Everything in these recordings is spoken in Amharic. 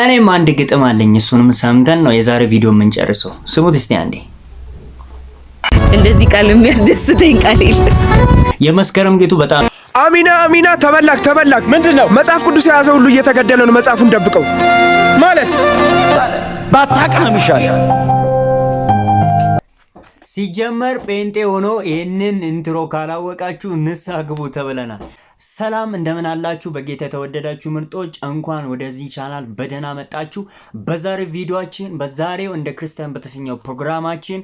እኔም አንድ ግጥም አለኝ። እሱንም ሰምተን ነው የዛሬ ቪዲዮ የምንጨርሰው። ስሙት እስቲ አንዴ። እንደዚህ ቃል የሚያስደስተኝ ቃል የለም። የመስከረም ጌቱ በጣም አሚና አሚና፣ ተበላክ ተበላክ። ምንድነው መጽሐፍ ቅዱስ የያዘ ሁሉ እየተገደለ ነው። መጽሐፉን ደብቀው ማለት ባታቅ ነው ሲጀመር ጴንጤ ሆኖ ይህንን ኢንትሮ ካላወቃችሁ ንስሐ ግቡ ተብለናል። ሰላም እንደምን አላችሁ? በጌታ የተወደዳችሁ ምርጦች እንኳን ወደዚህ ቻናል በደህና መጣችሁ። በዛሬ ቪዲዮአችን በዛሬው እንደ ክርስቲያን በተሰኘው ፕሮግራማችን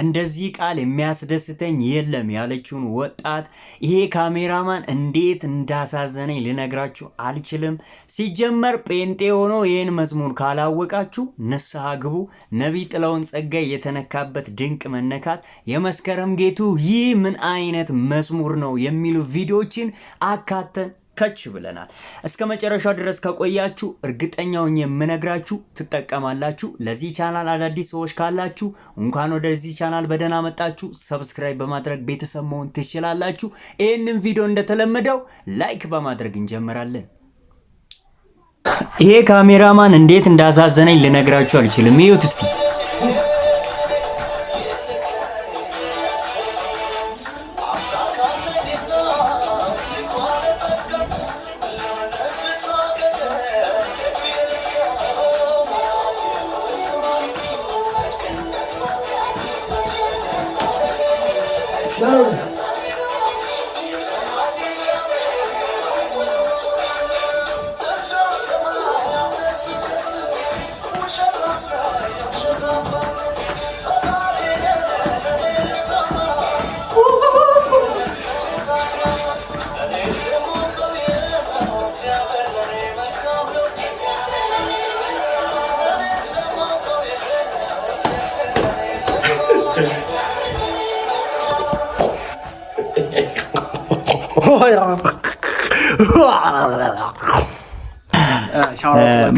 እንደዚህ ቃል የሚያስደስተኝ የለም ያለችውን ወጣት ይሄ ካሜራማን እንዴት እንዳሳዘነኝ ልነግራችሁ አልችልም። ሲጀመር ጴንጤ ሆኖ ይህን መዝሙር ካላወቃችሁ ንስሐ ግቡ። ነቢይ ጥላሁን ጸጋይ የተነካበት ድንቅ መነካት፣ የመስከረም ጌቱ ይህ ምን አይነት መዝሙር ነው የሚሉ ቪዲዮዎችን አካተን ከች ብለናል። እስከ መጨረሻው ድረስ ከቆያችሁ እርግጠኛውን የምነግራችሁ ትጠቀማላችሁ። ለዚህ ቻናል አዳዲስ ሰዎች ካላችሁ እንኳን ወደዚህ ቻናል በደህና መጣችሁ። ሰብስክራይብ በማድረግ ቤተሰብ መሆን ትችላላችሁ። ይህንን ቪዲዮ እንደተለመደው ላይክ በማድረግ እንጀምራለን። ይሄ ካሜራማን እንዴት እንዳሳዘነኝ ልነግራችሁ አልችልም። ይዩት እስቲ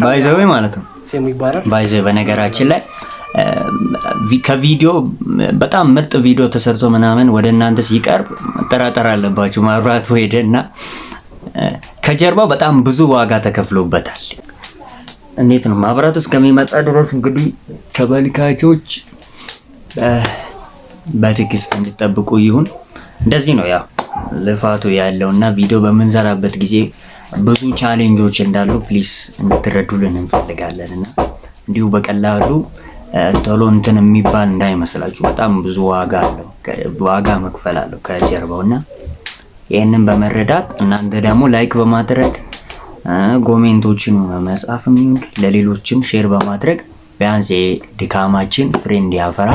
ባይዘ ወይ ማለት ነው። ባይዘ በነገራችን ላይ ከቪዲዮ በጣም ምርጥ ቪዲዮ ተሰርቶ ምናምን ወደ እናንተ ሲቀርብ መጠራጠር አለባችሁ። ማብራቱ ሄደ እና ከጀርባው በጣም ብዙ ዋጋ ተከፍሎበታል። እንዴት ነው ማብራቱ እስከሚመጣ ድረስ እንግዲህ ተመልካቾች በትዕግስት እንዲጠብቁ ይሁን። እንደዚህ ነው ያው ልፋቱ ያለው እና ቪዲዮ በምንሰራበት ጊዜ ብዙ ቻሌንጆች እንዳሉ ፕሊስ እንድትረዱልን እንፈልጋለን እና እንዲሁ በቀላሉ ቶሎ እንትን የሚባል እንዳይመስላችሁ በጣም ብዙ ዋጋ አለው፣ ዋጋ መክፈል አለው ከጀርባው እና ይህንን በመረዳት እናንተ ደግሞ ላይክ በማድረግ ጎሜንቶችን በመጻፍ የሚሆን ለሌሎችም ሼር በማድረግ ቢያንስ ድካማችን ፍሬ እንዲያፈራ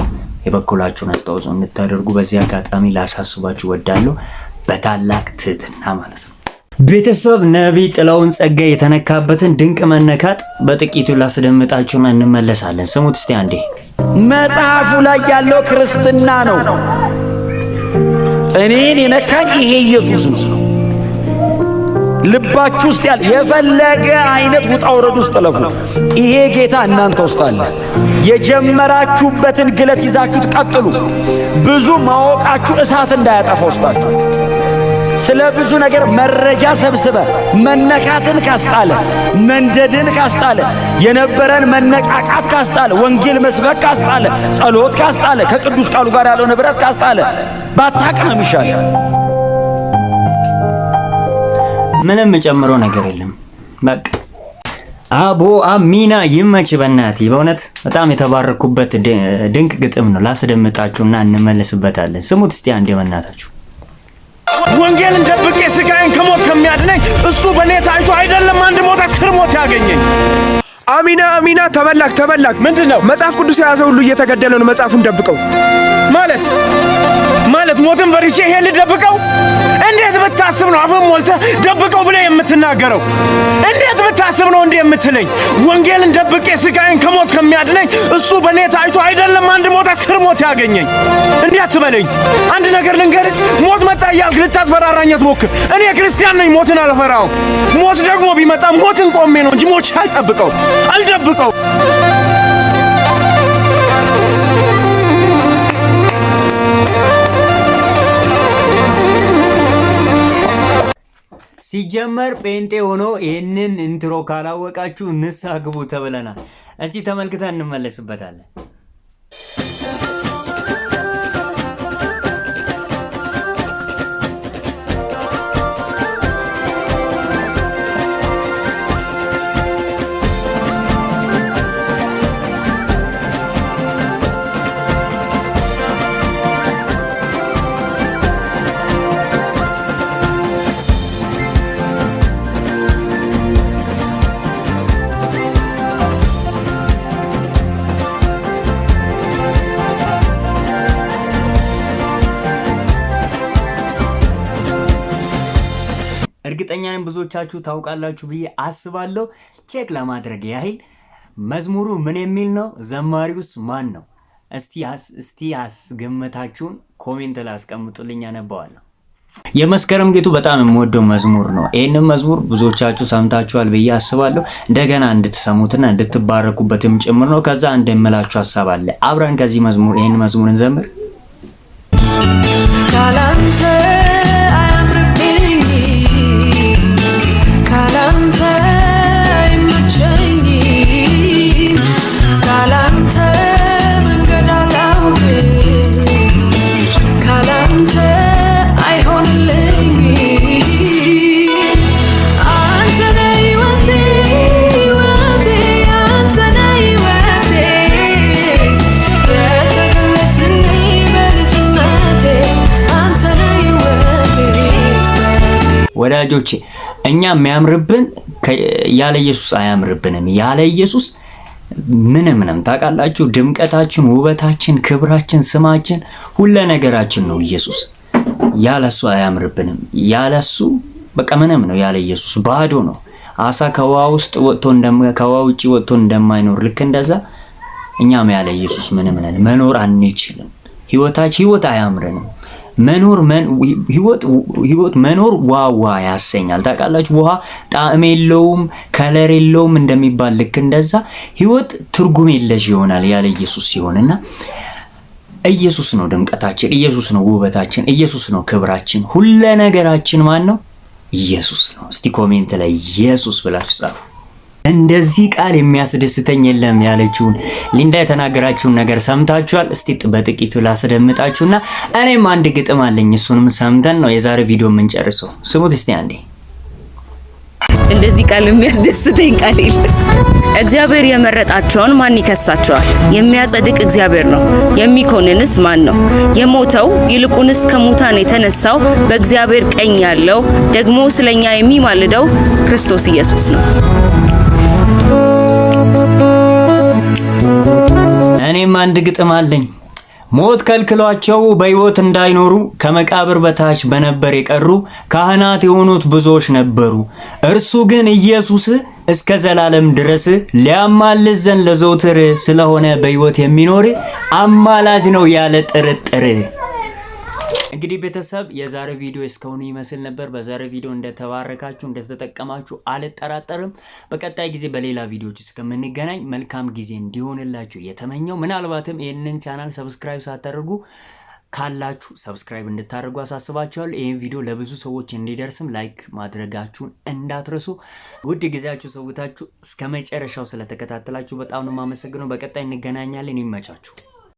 የበኩላችሁን አስተዋጽኦ እንድታደርጉ በዚህ አጋጣሚ ላሳስባችሁ ወዳለሁ። በታላቅ ትህትና ማለት ነው። ቤተሰብ ነቢይ ጥላሁን ጸጋዬ የተነካበትን ድንቅ መነካት በጥቂቱ ላስደምጣችሁና እንመለሳለን። ስሙት እስቲ አንዴ። መጽሐፉ ላይ ያለው ክርስትና ነው። እኔን የነካኝ ይሄ ኢየሱስ ነው። ልባችሁ ውስጥ ያለ የፈለገ አይነት ውጣ ውረድ ውስጥ ለፉ፣ ይሄ ጌታ እናንተ ውስጥ አለ። የጀመራችሁበትን ግለት ይዛችሁ ቀጥሉ። ብዙ ማወቃችሁ እሳት እንዳያጠፋ ውስጣችሁ ስለ ብዙ ነገር መረጃ ሰብስበ መነካትን ካስጣለ፣ መንደድን ካስጣለ፣ የነበረን መነቃቃት ካስጣለ፣ ወንጌል መስበክ ካስጣለ፣ ጸሎት ካስጣለ፣ ከቅዱስ ቃሉ ጋር ያለው ንብረት ካስጣለ ባታቅ ነው የሚሻል። ምንም ጨምሮ ነገር የለም። በቃ አቦ አሚና ይመች። በእናት በእውነት በጣም የተባረኩበት ድንቅ ግጥም ነው። ላስደምጣችሁና እንመለስበታለን። ስሙት እስቲ አንዴ በእናታችሁ ወንጌልን ደብቄ ሥጋዬን ከሞት ከሚያድነኝ እሱ በእኔ ታይቶ አይደለም አንድ ሞት አስር ሞት ያገኘኝ። አሚና አሚና። ተበላክ ተበላክ። ምንድን ነው መጽሐፍ ቅዱስ የያዘ ሁሉ እየተገደለ ነው። መጽሐፉን ደብቀው ማለት ማለት ሞትን ፈርቼ ይሄን ልደብቀው እንዴት ብታስ አፍን ሞልተህ ደብቀው ብለህ የምትናገረው እንዴት ብታስብ ነው እንዴ የምትለኝ? ወንጌልን ደብቄ ስቃዬን ከሞት ከሚያድነኝ እሱ በእኔ ታይቶ አይደለም አንድ ሞት አስር ሞት ያገኘኝ። እንዲህ አትበለኝ። አንድ ነገር ልንገርህ፣ ሞት መጣ እያልክ ልታስፈራራኝ አትሞክር። እኔ ክርስቲያን ነኝ፣ ሞትን አልፈራውም። ሞት ደግሞ ቢመጣ ሞትን ቆሜ ነው እንጂ ሞቼ አልጠብቀው አልደብቀው ሲጀመር ጴንጤ ሆኖ ይህንን ኢንትሮ ካላወቃችሁ ንስሐ ግቡ ተብለናል። እስቲ ተመልክተን እንመለስበታለን። እርግጠኛ ነኝ ብዙዎቻችሁ ታውቃላችሁ ብዬ አስባለሁ። ቼክ ለማድረግ ያህል መዝሙሩ ምን የሚል ነው? ዘማሪውስ ማን ነው? እስቲ ግምታችሁን ኮሜንት ላይ አስቀምጡልኝ፣ አነባዋለሁ። የመስከረም ጌቱ በጣም የምወደው መዝሙር ነው። ይህንም መዝሙር ብዙዎቻችሁ ሰምታችኋል ብዬ አስባለሁ። እንደገና እንድትሰሙትና እንድትባረኩበትም ጭምር ነው። ከዛ እንደምላችሁ ሀሳብ አለ። አብረን ከዚህ መዝሙር ይህን መዝሙር እንዘምር። ወዳጆቼ እኛ የሚያምርብን ያለ ኢየሱስ አያምርብንም። ያለ ኢየሱስ ምንም ነም ታውቃላችሁ፣ ድምቀታችን፣ ውበታችን፣ ክብራችን፣ ስማችን፣ ሁለ ነገራችን ነው ኢየሱስ። ያለሱ አያምርብንም። ያለሱ በቃ ምንም ነው። ያለ ኢየሱስ ባዶ ነው። አሳ ከውሃ ውስጥ ወጥቶ ከውሃ ውጭ ወጥቶ እንደማይኖር ልክ እንደዛ እኛም ያለ ኢየሱስ ምንም ነን። መኖር አንችልም። ህይወታች ህይወት አያምረንም። መኖር ህይወት መኖር ዋዋ ያሰኛል። ታውቃላችሁ ውሃ ጣዕም የለውም ከለር የለውም እንደሚባል ልክ እንደዛ ህይወት ትርጉም የለሽ ይሆናል ያለ ኢየሱስ ሲሆንና ኢየሱስ ነው ድምቀታችን፣ ኢየሱስ ነው ውበታችን፣ ኢየሱስ ነው ክብራችን። ሁለ ነገራችን ማን ነው? ኢየሱስ ነው። እስቲ ኮሜንት ላይ ኢየሱስ ብላችሁ ጻፉ። እንደዚህ ቃል የሚያስደስተኝ የለም ያለችውን ሊንዳ የተናገራችሁን ነገር ሰምታችኋል። እስቲ በጥቂቱ ላስደምጣችሁና እኔም አንድ ግጥም አለኝ እሱንም ሰምተን ነው የዛሬ ቪዲዮ የምንጨርሰው። ስሙት እስቲ አንዴ። እንደዚህ ቃል የሚያስደስተኝ ቃል የለም። እግዚአብሔር የመረጣቸውን ማን ይከሳቸዋል? የሚያጸድቅ እግዚአብሔር ነው፣ የሚኮንንስ ማን ነው? የሞተው ይልቁንስ ከሙታን የተነሳው በእግዚአብሔር ቀኝ ያለው ደግሞ ስለኛ የሚማልደው ክርስቶስ ኢየሱስ ነው። አንድ ግጥም አለኝ። ሞት ከልክሏቸው በሕይወት እንዳይኖሩ ከመቃብር በታች በነበር የቀሩ ካህናት የሆኑት ብዙዎች ነበሩ። እርሱ ግን ኢየሱስ እስከ ዘላለም ድረስ ሊያማልዝ ዘንድ ለዘውትር ስለሆነ በሕይወት የሚኖር አማላጅ ነው ያለ ጥርጥር እንግዲህ ቤተሰብ የዛሬ ቪዲዮ እስካሁን ይመስል ነበር። በዛሬ ቪዲዮ እንደተባረካችሁ እንደተጠቀማችሁ አልጠራጠርም። በቀጣይ ጊዜ በሌላ ቪዲዮዎች እስከምንገናኝ መልካም ጊዜ እንዲሆንላችሁ የተመኘው ምናልባትም ይህንን ቻናል ሰብስክራይብ ሳታደርጉ ካላችሁ ሰብስክራይብ እንድታደርጉ አሳስባችኋል። ይህን ቪዲዮ ለብዙ ሰዎች እንዲደርስም ላይክ ማድረጋችሁን እንዳትረሱ። ውድ ጊዜያችሁ ሰውታችሁ እስከ መጨረሻው ስለተከታተላችሁ በጣም ነው የማመሰግነው። በቀጣይ እንገናኛለን። ይመቻችሁ።